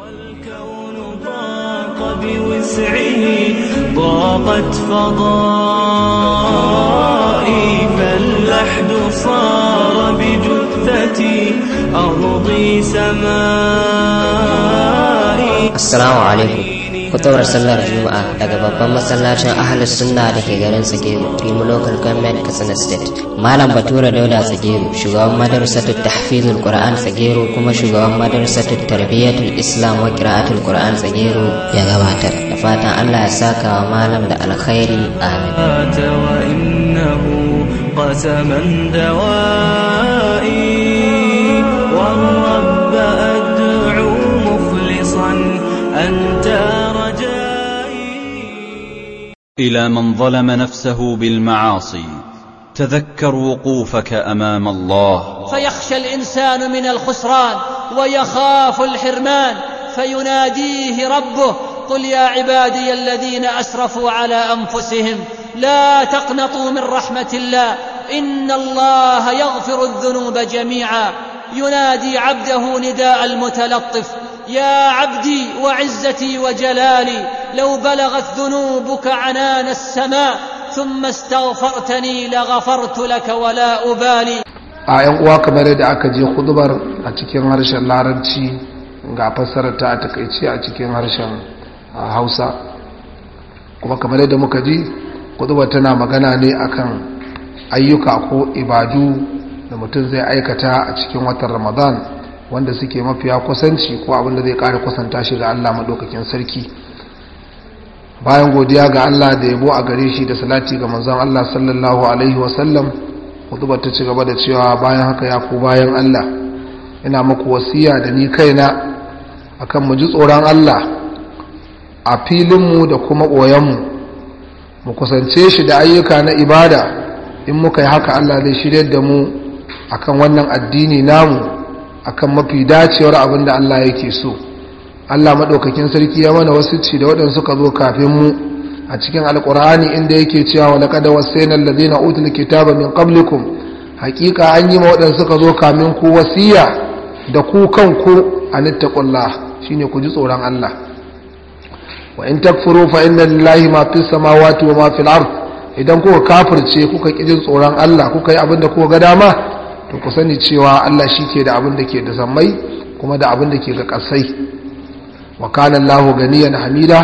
والكون ضاق بوسعه ضاقت فضائي فاللحد صار بجثتي أرضي سمائي السلام عليكم fitowar sallar juma'a daga babban masallacin ahalus sunna da ke garin tsagero primo local government katsina state malam batura dauda Sagero shugaban madarasatu tahfizul qur'an Sagero kuma shugaban madarasatu tarbiyatul islam wa qira'atul qur'an Sagero ya gabatar da fatan allah ya saka wa malam da alkhairi amin wa والرب أدعو مخلصا أنت إلى من ظلم نفسه بالمعاصي تذكر وقوفك أمام الله فيخشى الإنسان من الخسران ويخاف الحرمان فيناديه ربه قل يا عبادي الذين أسرفوا على أنفسهم لا تقنطوا من رحمة الله إن الله يغفر الذنوب جميعا ينادي عبده نداء المتلطف يا عبدي وعزتي وجلالي لو بلغت ذنوبك عنان السماء ثم استغفرتني لغفرت لك ولا أبالي أيوة وكما رد أكجي خدبر أتكين عرش لارنشي غا فسر تأتك إتشي أتكين عرش هوسا وكما رد مكجي خدبر تنا مغانا لي أكن أيوك أكو إباجو نمتنزي أيكتا أتكين وطر رمضان wanda suke mafiya kusanci ko abin da zai kare kusanta shi ga Allah madaukakin sarki bayan godiya ga Allah da yabo a gare shi da salati ga manzon Allah sallallahu alaihi wa sallam hutubar ta ci gaba da cewa bayan haka ya ku bayan Allah ina muku wasiya da ni kaina akan mu ji tsoron Allah a filinmu da kuma koyonmu mu kusance shi da ayyuka na ibada in muka yi haka Allah zai shirya da mu akan wannan addini namu akan mafi dacewar abin da Allah yake so Allah madaukakin sarki ya mana wasu ci da waɗanda suka zo kafin mu a cikin alkur'ani inda yake cewa wa laqad wasayna alladhina utul kitaba min qablikum haqiqa an yi ma waɗanda suka zo kamin ku wasiya da ku kanku anittaqullah shine ku ji tsoron Allah wa in takfuru fa inna lillahi ma fis samawati wa ma fil ard idan kuka kafirce kuka jin tsoron Allah kuka yi abinda da kuka ga dama to ku sani cewa Allah shi ke da abin da ke da sammai kuma da abin da ke ga ƙasai wa kana Allahu ganiyan hamida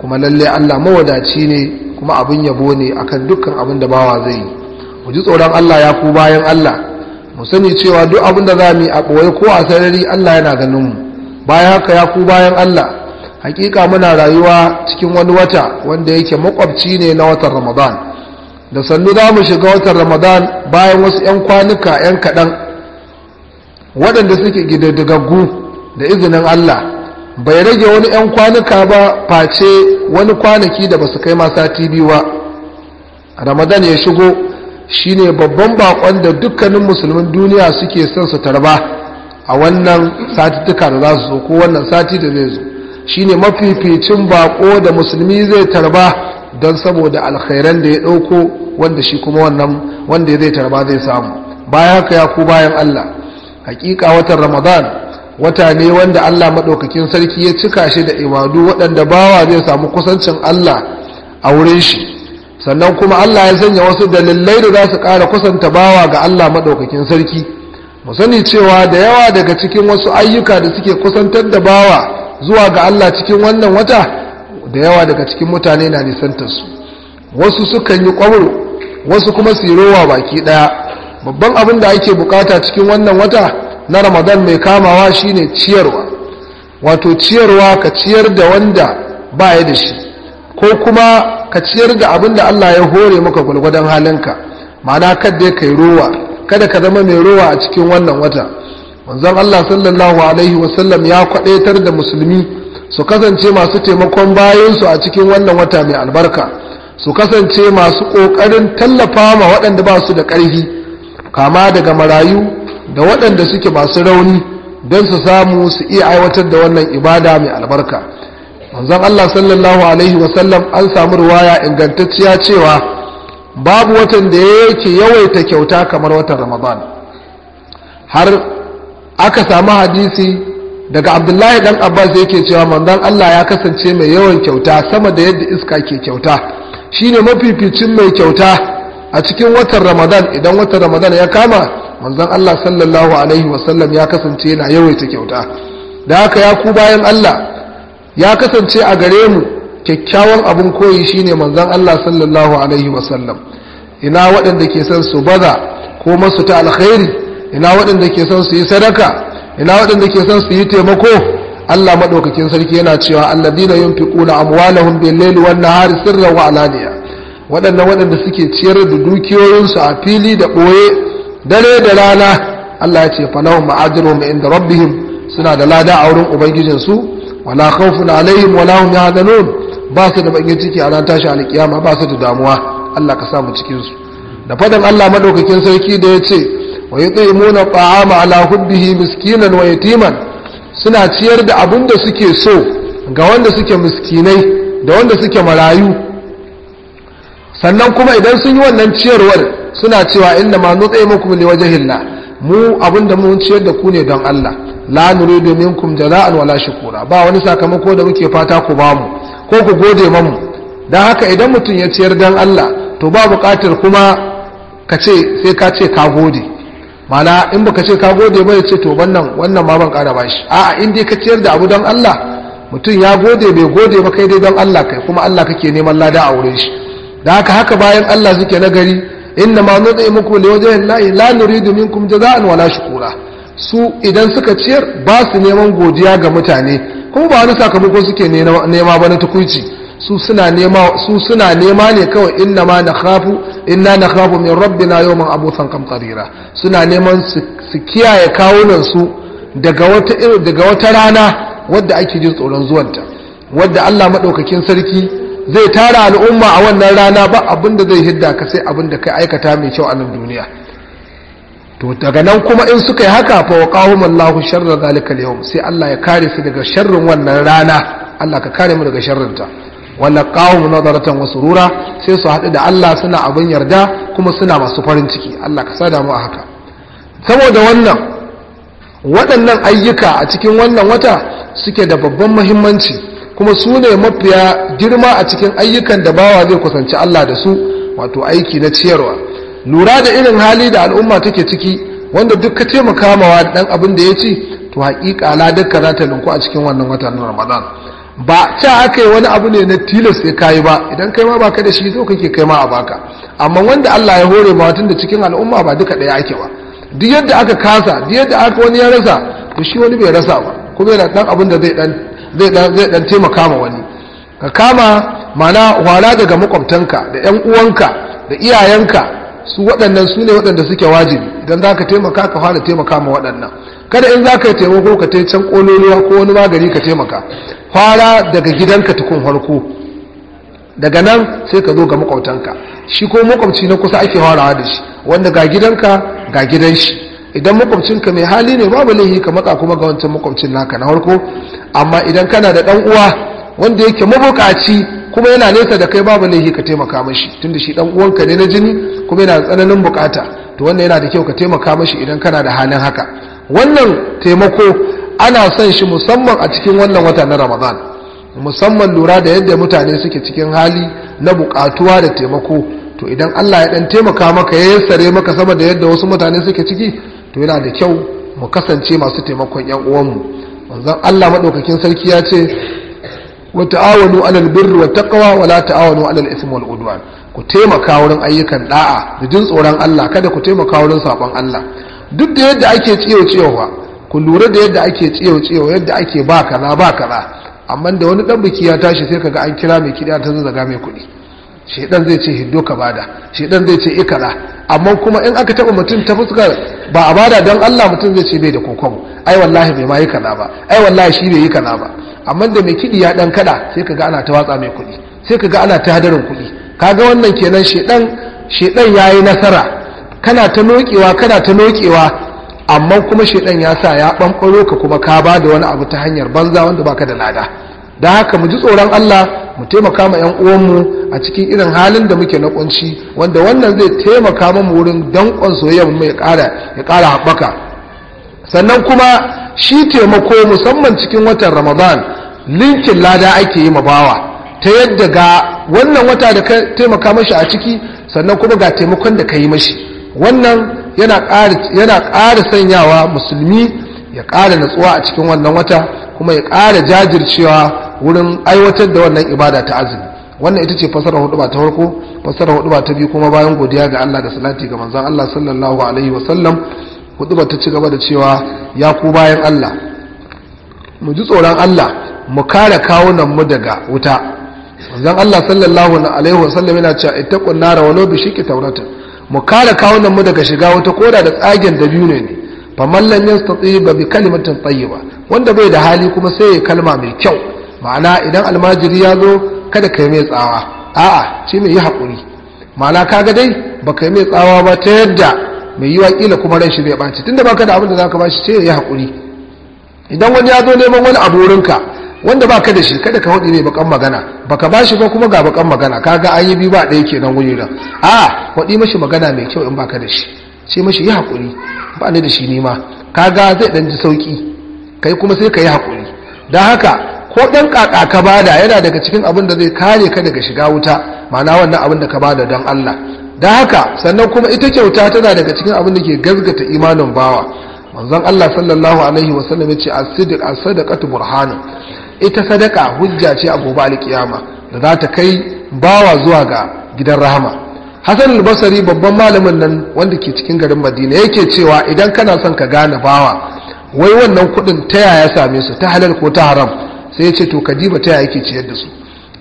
kuma lallai Allah mawadaci ne kuma abin yabo ne akan dukkan abin da bawa zai yi mu tsoron Allah ya ku bayan Allah mu sani cewa duk abin da za mu yi a ɓoye ko a sarari Allah yana ganin mu bayan haka ya ku bayan Allah hakika muna rayuwa cikin wani wata wanda yake makwabci ne na watan ramadan da sannu za mu shiga watan ramadan bayan wasu 'yan kwanuka 'yan kaɗan waɗanda suke gidaddigaggu da izinin allah bai rage wani 'yan kwanuka ba face wani kwanaki da ba su kai ma sati biyu ba ramadan ya shigo shine babban bakon da dukkanin musulmin duniya suke son su tarba a wannan duka da za su zo ko wannan sati da zai zo shine mafificin bako da musulmi zai tarba don saboda alkhairan da ya ɗauko wanda shi kuma wannan wanda zai tarba zai samu bayan haka ya ku bayan Allah hakika watan ramadan wata ne wanda Allah maɗaukakin sarki ya cika shi da imadu waɗanda bawa zai samu kusancin Allah a wurin shi sannan kuma Allah ya sanya wasu dalilai da za su ƙara kusanta bawa ga Allah maɗaukakin sarki mu sani cewa da yawa daga cikin wasu ayyuka da suke kusantar da bawa zuwa ga Allah cikin wannan wata da yawa daga cikin mutane na nisantar su wasu sukan yi ƙwaro wasu kuma su yi rowa baki ɗaya babban abin da ake bukata cikin wannan wata na ramadan mai kamawa shine ciyarwa wato ciyarwa ka ciyar da wanda ba ya da shi ko kuma ka ciyar da abin da allah ya hore maka gwalgwadon halinka ma'ana kadda ya yi rowa kada ka zama mai rowa a cikin wannan wata manzon allah sallallahu alaihi wasallam ya kwaɗaitar da musulmi su kasance masu taimakon bayansu a cikin wannan wata mai albarka su kasance masu ƙoƙarin tallafa ma waɗanda ba su da ƙarfi kama daga marayu da waɗanda suke masu rauni don su samu su iya aiwatar da wannan ibada mai albarka manzon Allah sallallahu alaihi wasallam an samu ruwaya ingantacciya cewa babu watan da ya yake yawaita kyauta kamar watan Ramadan har aka samu hadisi daga abdullahi dan abbas yake cewa manzon allah ya kasance mai yawan kyauta sama da yadda iska ke kyauta shine mafificin mai kyauta a cikin watan ramadan idan watan ramadan ya kama manzon allah sallallahu alaihi wasallam ya kasance yana yawaita kyauta da haka ya ku bayan allah ya kasance a gare mu kyakkyawan abin koyi shine manzon allah sallallahu alaihi wasallam ina waɗanda ke son su baza ko masu ta alkhairi ina waɗanda ke son su yi sadaka ina waɗanda ke son su yi taimako Allah maɗaukakin sarki yana cewa alladina yunfiquna amwalahum bil-layli wan-nahari sirran wa alaniya waɗannan waɗanda suke ciyar da dukiyoyinsu a fili da ɓoye dare da rana Allah ya ce falahum ma'ajruhum inda rabbihim suna da lada a wurin ubangijin su wala khawfun alaihim wala hum yahzanun ba su da bakin ciki a ran tashi alkiyama ba su da damuwa Allah ka sa mu cikin su da fadan Allah madaukakin sarki da ya ce ويطعمون الطعام على ala hubbihi miskinan wayatiman suna ciyar da abin da suke so ga wanda suke miskinai da wanda suke marayu sannan kuma idan sun yi wannan ciyarwar suna cewa inna ma waje liwajhillah mu abin da mun ciyar da ku ne don Allah la nuridu minkum jaza'an wala shukura ba wani sakamako da muke fata ku bamu ko ku gode mamu dan haka idan mutum ya ciyar don Allah to ba bukatar kuma ka ce sai ka ce ka gode mana in baka ce ka gode ba ya ce to wannan wannan ma ban kara shi a'a in dai ka ciyar da abu don Allah mutum ya gode bai gode ba kai dai don Allah kai kuma Allah kake neman lada a wurin shi da haka haka bayan Allah suke na gari inna ma nud'imukum liwajhi llahi la nuridu minkum jazaa'an wala kura su idan suka ciyar ba su neman godiya ga mutane kuma ba wani sakamako suke nema ba na tukuici su suna nema ne kawai inna ma na khafu inna na khafu min rabbina yawman abusan kamtarira suna neman su kiyaye kawunan su daga wata rana wadda ake jin tsoron zuwanta wadda Allah madaukakin sarki zai tara al'umma a wannan rana ba abinda zai hidda ka sai abinda kai aikata mai kyau a nan duniya to daga nan kuma in suka yi haka fa waqahum Allahu sharra zalika al sai Allah ya kare su daga sharrin wannan rana Allah ka kare mu daga sharrin ta wala qawm nadaratan wa surura sai su haɗu da Allah suna abin yarda kuma suna masu farin ciki Allah ka sada mu a haka saboda wannan waɗannan ayyuka a cikin wannan wata suke da babban muhimmanci kuma su ne mafiya girma a cikin ayyukan da bawa zai kusanci Allah da su wato aiki na ciyarwa lura da irin hali da al'umma take ciki wanda duk ka taimaka mawa dan abin da ya ci to haƙiƙa ladarka za ta ninku a cikin wannan watan Ramadan ba ca aka yi wani abu ne na tilas sai kayi ba idan kai ma baka da shi zo kake kai ma a baka amma wanda Allah ya hore ma tun da cikin al'umma ba duka daya ake ba duk yadda aka kasa duk yadda aka wani ya rasa to shi wani bai rasa ba kuma yana dan abin da zai dan zai dan zai dan taimaka ma wani ka kama mana wala daga makwabtanka da yan uwanka da iyayenka su waɗannan su ne waɗanda suke wajibi idan za ka taimaka ka fara taimaka ma waɗannan kada in za ka yi taimako ka ta can ƙololuwa ko wani magani ka taimaka fara daga gidanka tukun farko daga nan sai ka zo ga makwautanka shi ko makwabci na kusa ake farawa da shi wanda ga gidanka ga gidan shi idan makwamcinka mai hali ne babu laihi ka maka kuma ga wancan makwamcin naka na farko amma idan kana da ɗan uwa wanda yake mabukaci kuma yana nesa da kai babu laihi ka taimaka mashi tunda shi ɗan uwanka ne na jini kuma yana tsananin bukata to wannan yana da kyau ka taimaka mashi idan kana da halin haka wannan taimako ana son shi musamman a cikin wannan wata na ramadan musamman lura da yadda mutane suke cikin hali na buƙatuwa da taimako to idan allah ya ɗan taimaka maka ya yassare maka sama da yadda wasu mutane suke ciki to yana da kyau mu kasance masu taimakon yan uwanmu wanzan allah maɗaukakin sarki ya ce wa ta'awanu alal birri wa taqwa wa la ta'awanu alal ismi wal ku taimaka wurin ayyukan da'a da jin tsoron Allah kada ku taimaka wurin sabon Allah duk da yadda ake tsiyo-tsiyowa ku lura da yadda ake tsiyo-tsiyo yadda ake ba kaza ba kaza amma da wani dan biki ya tashi sai kaga an kira mai kidiya ta zaga mai kuɗi shedan zai ce hiddo ka bada shedan zai ce ikala amma kuma in aka taba mutum ta fuskar ba a bada dan Allah mutum zai ce bai da kokon ai wallahi bai ma yi kaza ba ai wallahi shi bai yi kaza ba amma da mai kiɗi ya dan kada sai kaga ana ta watsa mai kuɗi sai kaga ana ta hadarin kuɗi kaga wannan kenan shedan shedan yayi nasara kana ta nokewa kana ta nokewa amma kuma shedan ya sa ya bambaro ka kuma ka ba da wani abu ta hanyar banza wanda baka da lada da haka mu ji tsoron Allah mu taimaka ma 'yan uwanmu a cikin irin halin da muke na kunci wanda wannan zai taimaka mu wurin dankon soyayya mu ya kara ya kara haɓaka sannan kuma shi taimako musamman cikin watan Ramadan linkin lada ake yi ma bawa ta yadda ga wannan wata da ka taimaka mashi a ciki sannan kuma ga taimakon da ka yi mashi wannan yana ƙara sanyawa musulmi ya ƙara natsuwa a cikin wannan wata kuma ya ƙara jajircewa wurin aiwatar da wannan ibada ta azumi wannan ita ce fasara hudu ba ta farko fasara hudu ba ta biyu kuma bayan godiya ga Allah da salati ga manzon Allah sallallahu alaihi sallam hudu ba ta ci gaba da cewa ya ku bayan Allah mu ji tsoron Allah mu kare kawunan mu daga wuta manzon Allah sallallahu alaihi wa sallam yana cewa ittaqun nar walau bi shiqqi tawratin mu kare kawunan mu daga shiga wata koda da tsagen da biyu ne faman lan yastati ba bi kalimatin tayyiba wanda bai da hali kuma sai ya kalma mai kyau ma'ana idan almajiri ya zo kada kai mai tsawa a'a shi mai yi hakuri ma'ana kaga dai ba kai mai tsawa ba ta yadda mai yiwa kila kuma ran shi bai baci tunda baka da abin da zaka bashi sai ya yi hakuri idan wani ya zo neman wani abu wurinka wanda baka da shi kada ka hudu ne bakan magana baka bashi ba kuma ga bakan magana kaga an yi biyu ba ɗaya kenan wuri da a hudi mashi magana mai kyau in baka da shi sai mashi yi hakuri ba ni da shi nima kaga zai ɗan ji sauƙi, kai kuma sai ka yi hakuri Da haka ko ɗan ƙaƙa ka bada yana daga cikin abin da zai kare ka daga shiga wuta ma'ana wannan abin da ka bada don Allah Da haka sannan kuma ita kyauta tana daga cikin abin da ke gazgata imanin bawa manzon Allah sallallahu alaihi wasallam ya ce as-sidq as ita sadaka hujja ce a gobe alkiyama da za ta kai bawa zuwa ga gidan rahama hasan albasari babban malamin nan wanda ke cikin garin madina yake cewa idan kana son ka gane bawa wai wannan kudin ta yaya same su ta halal ko ta haram sai ya ce to kadiba ta yaya yake ciyar da su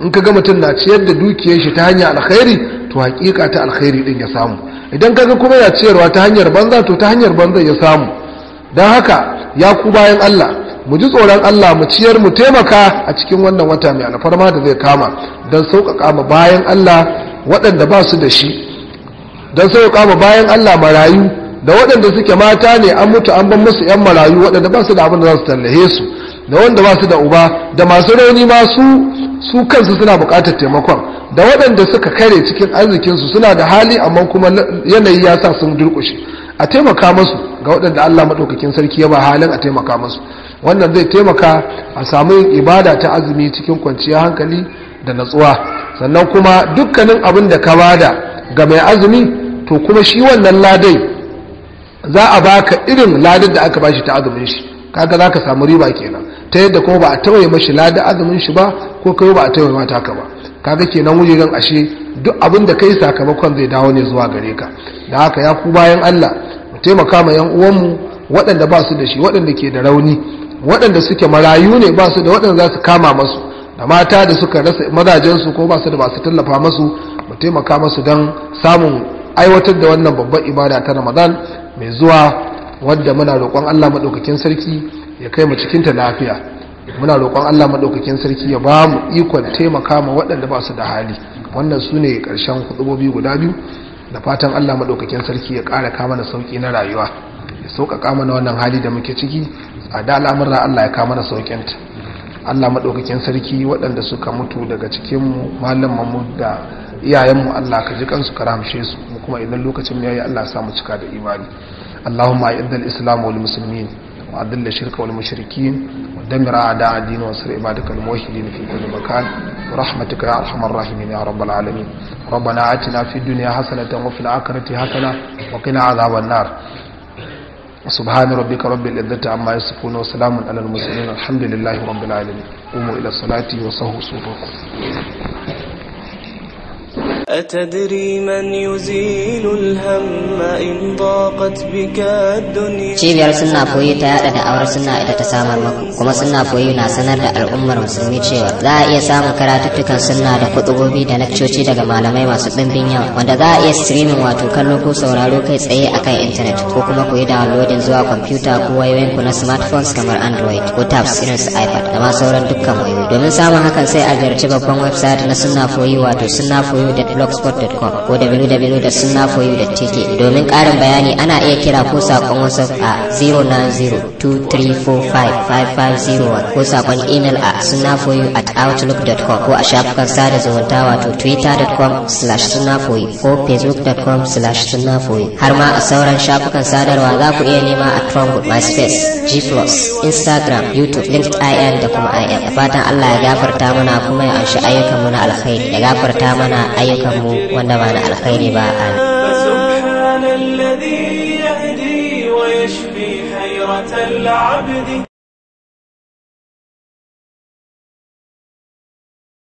in ka ga mutum na ciyar da dukiyar shi ta hanyar alkhairi to hakika ta alkhairi din ya samu idan ka ga kuma ya ciyarwa ta hanyar banza to ta hanyar banza ya samu don haka ya ku bayan allah mu ji tsoron Allah mu ciyar mu taimaka a cikin wannan wata mai alfarma da zai kama don sauƙaƙa ma bayan Allah waɗanda ba su da shi don sauƙaƙa ma bayan Allah marayu da waɗanda suke mata ne an mutu an ban musu 'yan marayu waɗanda ba su da abin da za su tallahe su da wanda ba su da uba da masu rauni ma su su kansu suna buƙatar taimakon da waɗanda suka kare cikin arzikinsu suna da hali amma kuma yanayi ya sa sun durƙushe a taimaka masu ga waɗanda Allah maɗaukakin sarki ya ba halin a taimaka masu wannan zai taimaka a samu ibada ta azumi cikin kwanciyar hankali da natsuwa sannan kuma dukkanin abin da ka da ga mai azumi to kuma shi wannan ladai za a baka irin ladar da aka ba shi ta azumin shi kaga za ka samu riba kenan ta yadda kuma ba a tawaye mashi ladar azumin shi ba ko kai ba a tawaye mata ka ba kaga kenan wuriran ashe duk abin da kai sakamakon zai dawo ne zuwa gare ka da haka ya ku bayan Allah mu taimaka ma yan uwanmu waɗanda ba su da shi waɗanda ke da rauni waɗanda suke marayu ne ba su da waɗanda za su kama masu da mata da suka rasa mazajensu ko ba su da ba su tallafa masu mu taimaka masu don samun aiwatar da wannan babbar ibada ta ramadan mai zuwa wadda muna roƙon allah maɗaukakin sarki ya kai mu cikinta lafiya muna roƙon Allah maɗaukakin sarki ya ba mu ikon taimaka ma waɗanda ba su da hali wannan su ne ƙarshen hudubobi guda biyu da fatan Allah maɗaukakin sarki ya ƙara kama na sauƙi na rayuwa ya sauƙaƙa mana wannan hali da muke ciki tsada da al'amuran Allah ya kama na sauƙinta Allah maɗaukakin sarki waɗanda suka mutu daga cikinmu malamanmu da iyayenmu Allah ka ji kansu ka rahamshe su kuma idan lokacin yi Allah yi allah samu cika da imani اللهم islam الإسلام والمسلمين وأذل الشرك والمشركين ودمر أعداء الدين وانصر عبادك الموحدين في كل مكان برحمتك يا أرحم الراحمين يا رب العالمين ربنا آتنا في الدنيا حسنة وفي الآخرة حسنة وقنا عذاب النار سبحان ربك رب العزة عما يصفون وسلام على المرسلين الحمد لله رب العالمين قوموا إلى صلاتي وصهوا صفوفكم أتدري من يزيل الهم إن ضاقت بك الدنيا cibiyar sunna koyi ta yada da auren suna ita ta samar maku kuma sunna koyi na sanar da al'ummar musulmi cewa za a iya samun karatuttukan sunna da kutubobi da lakcoci daga malamai masu ɗimbin yawa wanda za a iya streaming wato kallo ko sauraro kai tsaye akan intanet ko kuma koyi downloading zuwa kwamfuta ko wayoyin ku na smartphones kamar android ko tabs irinsu, su ipad da ma sauran dukkan wayoyi domin samun hakan sai a ziyarci babban website na sunna koyi wato sunna koyi da blogspot.com ko www.sunnafoyu.tk domin ƙarin bayani ana iya kira ko saƙon WhatsApp a 09023455501 ko saƙon email a sunnafoyu at outlook.com ko a shafukan sada zumunta wato twitter.com slash sunnafoyu ko facebook.com slash sunnafoyu har ma a sauran shafukan sadarwa za ku iya nema a Trumpet, MySpace, G+, Instagram, YouTube, LinkedIn da kuma IM. fatan Allah ya gafarta mana kuma ya anshi ayyukanmu na alkhairi, ya gafarta mana ayyukan معه ونفعنا على خير باء الذي يهدي ويشفي حيرة العبد